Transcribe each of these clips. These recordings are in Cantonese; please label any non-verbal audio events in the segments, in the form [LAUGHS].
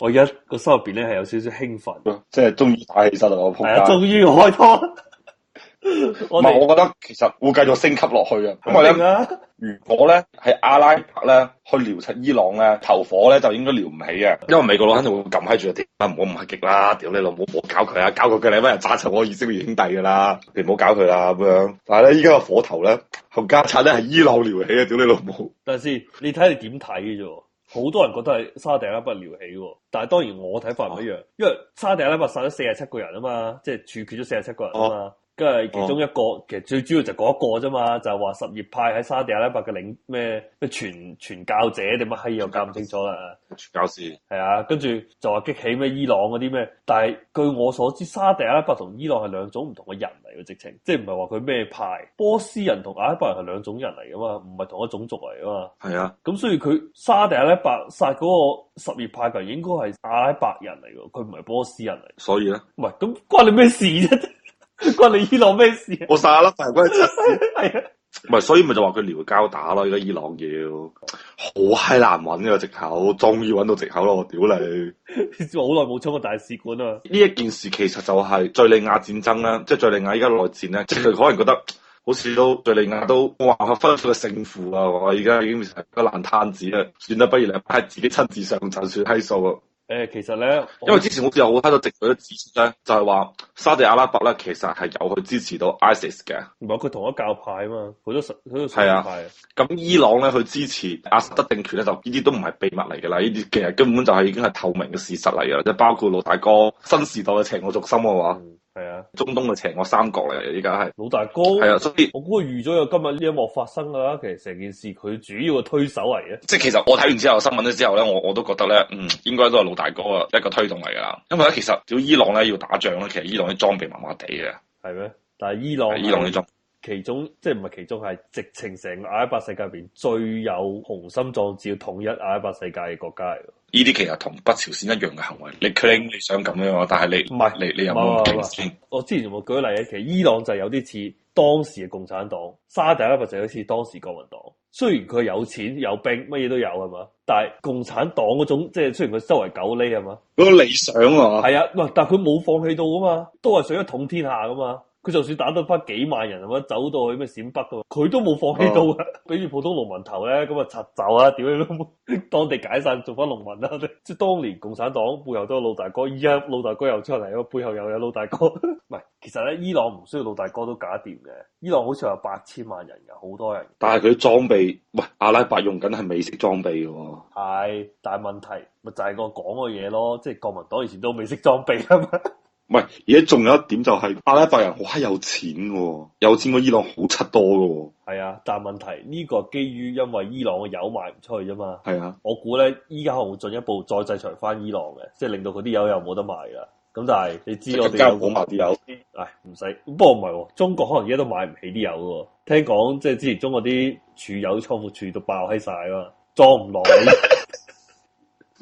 我而家個心入邊咧係有少少興奮，即係終於打起身啦！我仆家、哎、終於開拖，唔 [LAUGHS] 係 [LAUGHS] 我,們 [LAUGHS] 我覺得其實會繼續升級落去啊！咁啊點啊？如果咧係阿拉伯咧去撩出伊朗咧投火咧就應該撩唔起啊！因為美國佬肯定會撳喺住個地方，唔好唔係極啦，屌你老母，我搞佢啊！搞佢佢你乜人炸臭我以色列兄弟噶啦，你唔好搞佢啦咁樣。但係咧依家個火頭咧，皇家賊咧係伊朗撩起啊！屌你老母！但係先，你睇你點睇嘅啫？好多人覺得係沙特阿拉伯撩起喎，但係當然我睇法唔一樣，啊、因為沙特阿拉伯殺咗四十七個人啊嘛，即、就、係、是、處決咗四十七個人啊嘛。啊咁係其中一個，哦、其實最主要就嗰一個啫嘛，就話什葉派喺沙地阿拉伯嘅領咩咩傳傳教者定乜閪又搞唔清楚啦。教士？係啊，跟住就話激起咩伊朗嗰啲咩，但係據我所知，沙地阿拉伯同伊朗係兩種唔同嘅人嚟嘅，直情即係唔係話佢咩派，波斯人同阿拉伯人係兩種人嚟噶嘛，唔係同一種族嚟噶嘛。係啊，咁所以佢沙地阿拉伯殺嗰個什葉派嘅人應該係阿拉伯人嚟嘅，佢唔係波斯人嚟。所以咧，唔係咁關你咩事啫。關你伊朗咩事？我撒粒大龜出事，係啊，唔係、 [LAUGHS] 啊、所以咪就話佢撩交打咯。而家伊朗要好閪難揾呢個，籍口，終於揾到籍口咯。我屌你，我好耐冇出過大使館啊。呢一件事其實就係敘利亞戰爭啦，即係敘利亞而家內戰咧，即係可能覺得好似都敘利亞都我話分唔出個勝負啊！我話而家已經成個爛攤子啦，算啦，不如你派自己親自上陣去睇數。 [LAUGHS] 誒，其實咧，因為之前我似有好睇到直舉嘅指示咧，就係、是、話沙特阿拉伯咧，其實係有去支持到 ISIS 嘅 IS。唔係佢同一教派啊嘛，好多什好多派。係啊，咁伊朗咧去支持阿薩德政權咧，就呢啲都唔係秘密嚟噶啦，呢啲其實根本就係、是、已經係透明嘅事實嚟噶，即係包括老大哥新時代嘅邪惡族心啊嘛。嗯係啊，中東嘅邪惡三國嚟嘅，依家係老大哥。係啊，所以我估預咗有今日呢一幕發生啦。其實成件事佢主要嘅推手嚟嘅。即係其實我睇完之後新聞咧之後咧，我我都覺得咧，嗯，應該都係老大哥啊，一個推動嚟噶。因為咧，其實如伊朗咧要打仗咧，其實伊朗啲裝備麻麻地嘅。係咩？但係伊朗。伊朗啲裝。其中即係唔係其中係直情成個阿拉伯世界入邊最有雄心壯志要統一阿拉伯世界嘅國家嚟。呢啲其實同北朝鮮一樣嘅行為，你 claim 你想咁樣啊，但係你唔係是你你有冇，我之前我舉例啊，其實伊朗就有啲似當時嘅共產黨，沙特阿拉伯就好似當時國民黨。雖然佢有錢有兵，乜嘢都有係嘛，但係共產黨嗰種即係雖然佢周圍狗匿係嘛，個理想啊，係啊，喂，但係佢冇放棄到噶嘛，都係想一統天下噶嘛。佢就算打得翻幾萬人，或者走到去咩陝北嘅，佢都冇放棄到啊！俾住、oh. 普通農民頭咧，咁啊拆走啊，點樣都當地解散，做翻農民啦！即 [LAUGHS] 係當年共產黨背後都有老大哥，而家老大哥又出嚟喎，背後又有老大哥。唔 [LAUGHS] 係，其實咧，伊朗唔需要老大哥都搞掂嘅。伊朗好似話八千萬人嘅，好多人。但係佢裝備，喂，阿拉伯用緊係美式裝備嘅喎、哦。係，但係問題咪就係、是、個講嘅嘢咯，即、就、係、是、國民黨以前都美式裝備啊嘛。唔係，而家仲有一點就係、是、阿拉伯人好閪有錢喎，有錢過伊朗好七多嘅喎。係啊，但問題呢、這個基於因為伊朗嘅油賣唔出去啫嘛。係啊，我估咧依家可能會進一步再制裁翻伊朗嘅，即係令到佢啲油又冇得賣啦。咁但係你知我哋講埋啲油，唉，唔使。不過唔係、啊，中國可能而家都買唔起啲油嘅喎。聽講即係之前中國啲儲油倉庫儲到爆閪晒啊嘛，裝唔落。 [LAUGHS]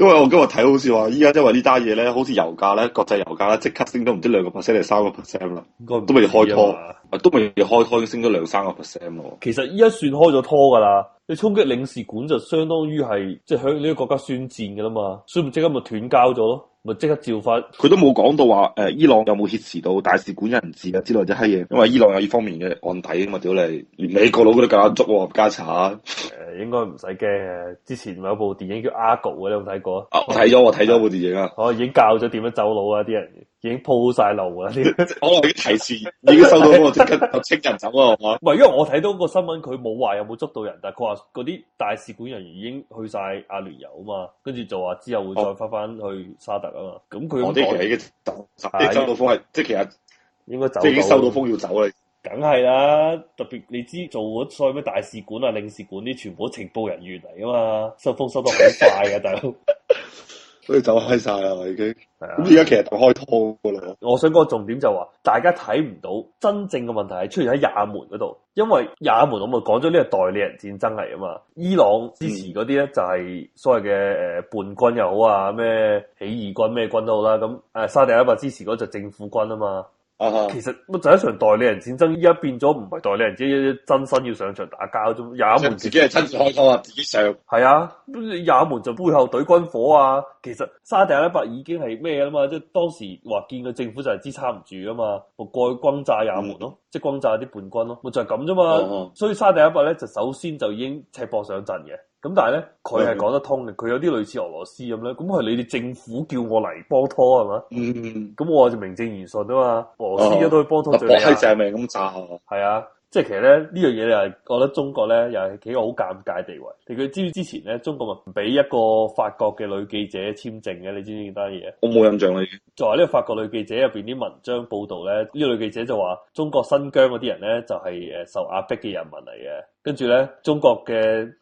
因為我今日睇好似話，而家因為呢單嘢咧，好似油價咧，國際油價咧，即刻升到唔知兩個 percent 定三個 percent 啦，應該都未開拖，吧都未開拖，都升咗兩三個 percent。其實而家算開咗拖噶啦，你衝擊領事館就相當於係即係向呢個國家宣戰噶啦嘛，所以咪即刻咪斷交咗咯。咪即刻照翻，佢都冇講到話誒、呃，伊朗有冇挾持到大使館人質啊之類啲閪嘢，因為伊朗有呢方面嘅案底啊嘛，屌、嗯、你，連美國佬都夠膽捉我加鏟，誒、呃，應該唔使驚。之前有部電影叫 Argo 你有冇睇過啊？睇咗，我睇咗部電影啊，我已經教咗點樣走佬啊啲人。已經鋪晒路啦，啲可能提示，已經收到風即刻有清人走啊，係嘛？唔係，因為我睇到個新聞，佢冇話有冇捉到人，但係佢話嗰啲大使館人員已經去晒阿聯酋啊嘛，跟住就話之後會再翻翻去沙特啊嘛。咁佢啲其實已經走，收、啊、到風係，啊、即係其實應該即已經收到風要走啦。梗係啦，特別你知做嗰所謂咩大使館啊、領事館啲全部情報人員嚟啊嘛，收風收得好快大、啊、佬。 [LAUGHS] 所以走開晒啦，已經係啊！咁而家其實開通噶啦。我想講個重點就話、是，大家睇唔到真正嘅問題係出現喺也門嗰度，因為也門我咪講咗呢個代理人戰爭嚟啊嘛。伊朗支持嗰啲咧就係所謂嘅誒叛軍又好啊咩起義軍咩軍都好啦、啊，咁誒沙特阿拉伯支持嗰隻政府軍啊嘛。其實乜就一場代理人戰爭，依家變咗唔係代理人，自己真身要上場打交啫，也門 [LAUGHS] 自己係親自開槍啊，自己上係啊，也門就背後懟軍火啊，其實沙地阿拉伯已經係咩啊嘛，即係當時話見佢政府就係支撐唔住啊嘛，我過去轟炸也門咯，嗯、即係轟炸啲叛軍咯，咪就係咁啫嘛， [LAUGHS] 所以沙地阿拉伯咧就首先就已經赤膊上陣嘅。咁但係咧，佢係講得通嘅。佢、嗯、有啲類似俄羅斯咁咧，咁係你哋政府叫我嚟幫拖係嘛？咁、嗯、我就名正言順啊嘛，俄羅斯都去幫拖最叻啊！咁就係咪咁炸？係啊，即、啊、係、啊啊嗯、其實咧呢樣嘢又係覺得中國咧又係企個好尷尬地位。佢知唔知之前咧，中國咪唔俾一個法國嘅女記者簽證嘅？你知唔知啲乜嘢？我冇印象你作為呢個法國女記者入邊啲文章報道咧，呢個女記者就話中國新疆嗰啲人咧就係、是、誒受壓迫嘅人民嚟嘅。跟住咧，中國嘅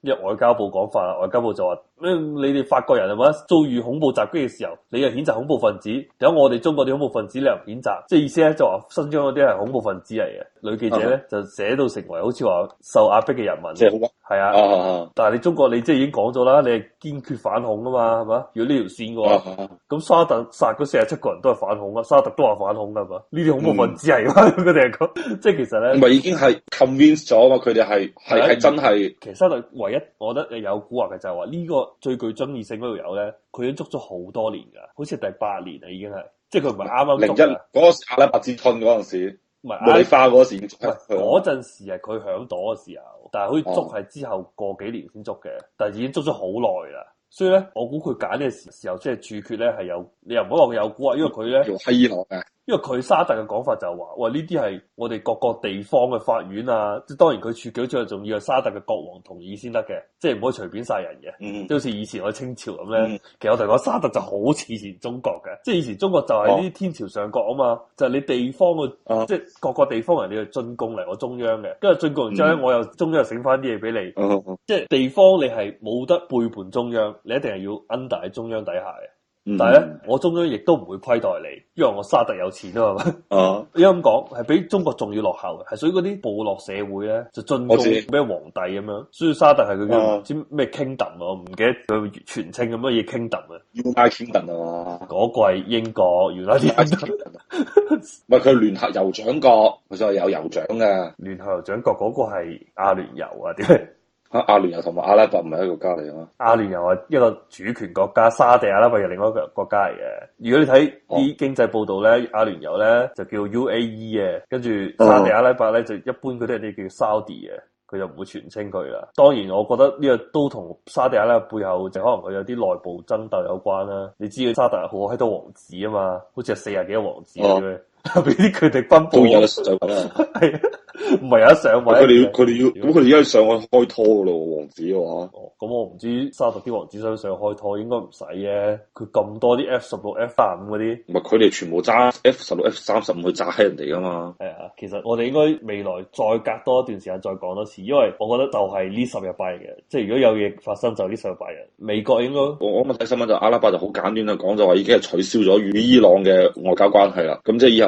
呢外交部講法，外交部就話咩？你哋法國人係嘛？遭遇恐怖襲擊嘅時候，你又譴責恐怖分子，有我哋中國啲恐怖分子你又譴責，即係意思咧就話新疆嗰啲係恐怖分子嚟嘅。女記者咧、嗯、就寫到成為好似話受壓迫嘅人民，即係好係啊。啊但係你中國你即係已經講咗啦，你係堅決反恐啊嘛，係嘛？如果呢條線嘅話、啊，咁、啊、沙特殺咗四十七個人都係反恐啊，沙特都話反恐噶嘛？呢啲、嗯、恐怖分子係嘛？佢哋講，即係其實咧，唔係已經係 convince 咗嘛？佢哋係。係係真係，其實咧唯一，我覺得有蠱惑嘅就係話呢個最具爭議性嗰度有咧，佢已經捉咗好多年㗎，好似第八年啦已經係，即係佢唔係啱啱捉，零一嗰個時阿拉伯之春嗰陣時，唔係茉莉花嗰時已經捉。嗰陣是時係佢是響朵嘅時候，但係好似捉係之後過幾年先捉嘅，但係已經捉咗好耐啦。所以咧，我估佢揀嘅時候，即係處決咧係有，你又唔可以話佢有蠱惑，因為佢咧。因為佢沙特嘅講法就係話，喂呢啲係我哋各個地方嘅法院啊，即當然佢處決最仲要係沙特嘅國王同意先得嘅，即係唔可以隨便殺人嘅。即係好似以前我清朝咁咧，嗯、其實我哋講沙特就好似以前中國嘅，即係以前中國就係呢啲天朝上國啊嘛，哦、就係你地方嘅，哦、即係各個地方人你要進貢嚟，我中央嘅，跟住進貢完之後咧，嗯、我又中央又醒翻啲嘢俾你，嗯嗯、即係地方你係冇得背叛中央，你一定係要 under 喺中央底下嘅。但係咧，我中央亦都唔會虧待你，因為我沙特有錢啊嘛。哦，uh, [LAUGHS] 因為咁講係比中國仲要落後嘅，係屬於嗰啲部落社會咧，就進到咩皇帝咁樣。所以沙特係佢叫咩 kingdom 啊？唔記得佢全稱咁多嘢 kingdom 啊 United Kingdom 啊？嗰個係英國原 United Kingdom 啊？唔係佢聯合酋長國，佢就係有酋長嘅。聯合酋長國嗰、嗰個係阿聯酋啊？啲。阿阿聯酋同埋阿拉伯唔係一個國家嚟嘛。阿聯酋係一個主權國家，沙地阿拉伯又另外一個國家嚟嘅。如果你睇啲經濟報道咧，哦、阿聯酋咧就叫 UAE 嘅，跟住沙地阿拉伯咧就一般嗰啲人哋叫 Saudi 嘅，佢就唔會全稱佢啦。當然，我覺得呢個都同沙地阿拉伯背後就可能佢有啲內部爭鬥有關啦、啊。你知嘅沙特好閪多王子啊嘛，好似係四廿幾個王子咁嘅、哦。俾啲佢哋奔波，唔係有得上位、啊。佢哋要佢哋要，咁佢哋而家上岸開拖噶咯，王子嘅話。咁、哦、我唔知沙特啲王子想上開拖，應該唔使嘅。佢咁多啲 F 十六、16, F 卅五嗰啲，唔係佢哋全部揸 F 十六、16, F 卅五去揸喺人哋噶嘛。係啊，其實我哋應該未來再隔多一段時間再講多次，因為我覺得就係呢十日拜嘅，即係如果有嘢發生就呢、是、十日拜嘅。美國，應該我啱啱睇新聞就阿拉伯就好簡短就講就話已經係取消咗與伊朗嘅外交關係啦。咁即係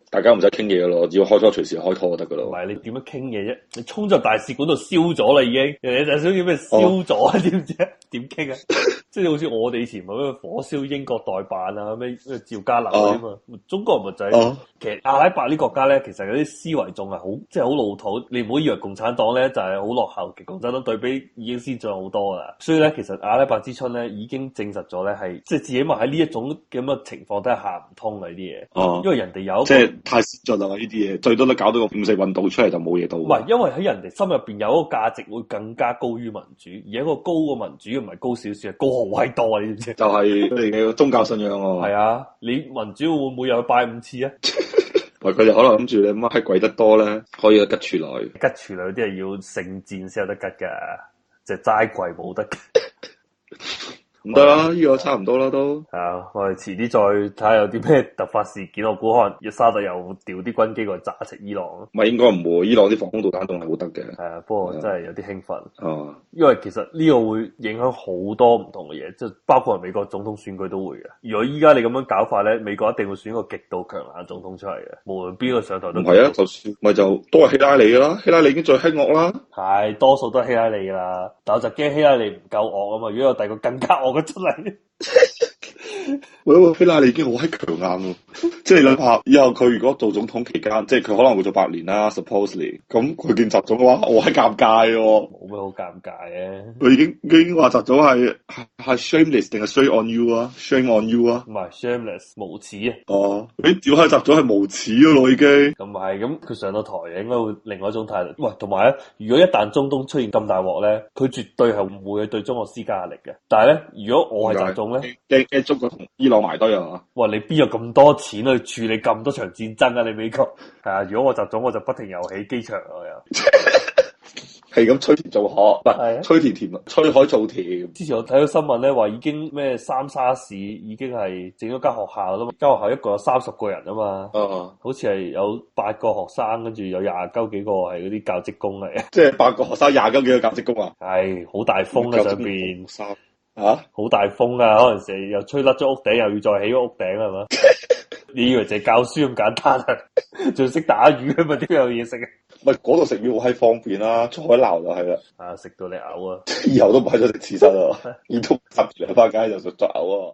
大家唔使傾嘢嘅咯，只要開拖隨時開拖就得噶咯。唔係你點樣傾嘢啫？你衝着大使館度燒咗啦，已經。你你想叫咩燒咗啊？點知啊？點傾啊？即係 [LAUGHS] 好似我哋以前咪咩火燒英國代辦啊，咩趙家樓啊嘛。啊中國人咪就係、是，啊、其實阿拉伯啲國家咧，其實有啲思維仲係好，即係好老土。你唔好以為共產黨咧就係好落後，其實共產黨對比已經先進好多啦。所以咧，其實阿拉伯之春咧已經證實咗咧係，即、就、係、是、自己咪喺呢一種咁嘅情況都係行唔通嘅啲嘢。哦，啊、因為人哋有一個。太蝕咗啦！呢啲嘢最多都搞到個五四運動出嚟就冇嘢到。唔係，因為喺人哋心入邊有一個價值會更加高於民主，而一個高嘅民主唔係高少少啊，高好多啊！你知唔知？就係你嘅宗教信仰啊嘛。係 [LAUGHS] 啊，你民主會唔會有拜五次啊？喂，佢哋可能諗住你乜閪跪得多咧，可以拮處女。拮處女嗰啲係要聖戰先有得拮噶，就齋跪冇得。 [LAUGHS] 唔得啦，呢、啊、個差唔多啦都。係啊，我哋遲啲再睇下有啲咩突發事件，我估可能要沙特又調啲軍機過去炸食伊朗。咪應該唔會，伊朗啲防空導彈仲係好得嘅。係啊，不過真係有啲興奮。哦、啊，因為其實呢個會影響好多唔同嘅嘢，即係包括美國總統選舉都會嘅。如果依家你咁樣搞法咧，美國一定會選個極度強硬總統出嚟嘅。無論邊個上台都唔係啊，就咪就都係希拉里啦，希拉里已經最黑惡啦。係，多數都係希拉里啦，但我就驚希拉里唔夠惡啊嘛，如果有第二個更加惡。我真係， [LAUGHS] 喂，我菲拉里已經好閪強硬喎，即係你諗下，以後，佢如果做總統期間，即係佢可能會做八年啦，supposedly，咁佢見習總嘅話，我係尷尬喎。會唔會好尷尬嘅，佢已經已經話習總係係 shameless 定係 shame on you 啊，shame on you 啊，唔係 shameless 無恥啊，哦，你屌閪習總係無恥咯，啊，已經，同埋，咁佢上到台嘅應該會另外一種態度。喂、哎，同埋咧，如果一旦中東出現咁大鑊咧，佢絕對係唔會對中國施加壓力嘅。但係咧，如果我係習總咧，驚驚中國同伊朗埋堆人啊！哇，你邊有咁多錢去處理咁多場戰爭啊？你美國係啊？如果我習總，我就不停游起機場啊！ [LAUGHS] 係咁吹田做河，唔係吹田田，吹海做田。之前我睇到新聞咧，話已經咩三沙市已經係整咗間學校啦嘛，間學校一共有三十個人啊嘛，uh huh. 好似係有八個學生，跟住有廿鳩幾個係嗰啲教職工嚟。即係八個學生，廿鳩幾個教職工啊？係好、 [LAUGHS] 哎、大風啊，上邊，吓好、啊、大風啊！可能成日又吹甩咗屋頂，又要再起屋頂啦，係嘛？ [LAUGHS] 你以為淨教書咁簡單啊？仲 [LAUGHS] 識打魚啊？嘛？點有嘢食啊？唔係嗰度食魚好閪方便啦，出海撈就係啦，啊食到你嘔啊！以後都唔喺咗食刺身咯，而同 [LAUGHS] 十條大花街就食作嘔啊！